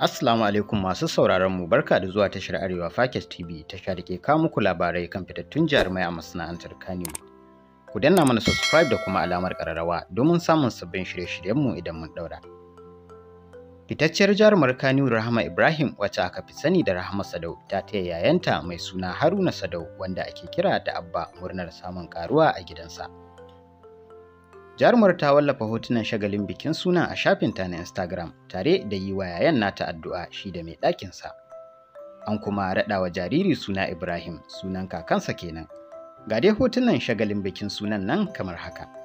Assalamu alaikum masu sauraron mu barka da zuwa tashar Arewa Fakes TV tasha da ke kawo muku labarai kan fitattun jarumai a masana'antar Kano. Ku danna mana subscribe da kuma alamar kararrawa domin samun sabbin shirye shiryen mu idan mun daura. Fitacciyar jarumar Kano Rahama Ibrahim wacce aka fi sani da Rahama Sadau ta taya yayanta mai suna Haruna Sadau wanda ake kira da Abba murnar samun karuwa a gidansa. Jarumar ta wallafa hotunan shagalin bikin suna a shafinta na Instagram tare da yi wa yayan nata addu'a shi da mai ɗakinsa. An kuma raɗa wa jariri suna Ibrahim sunan kakansa kenan. Ga dai hotunan shagalin bikin sunan nan kamar haka.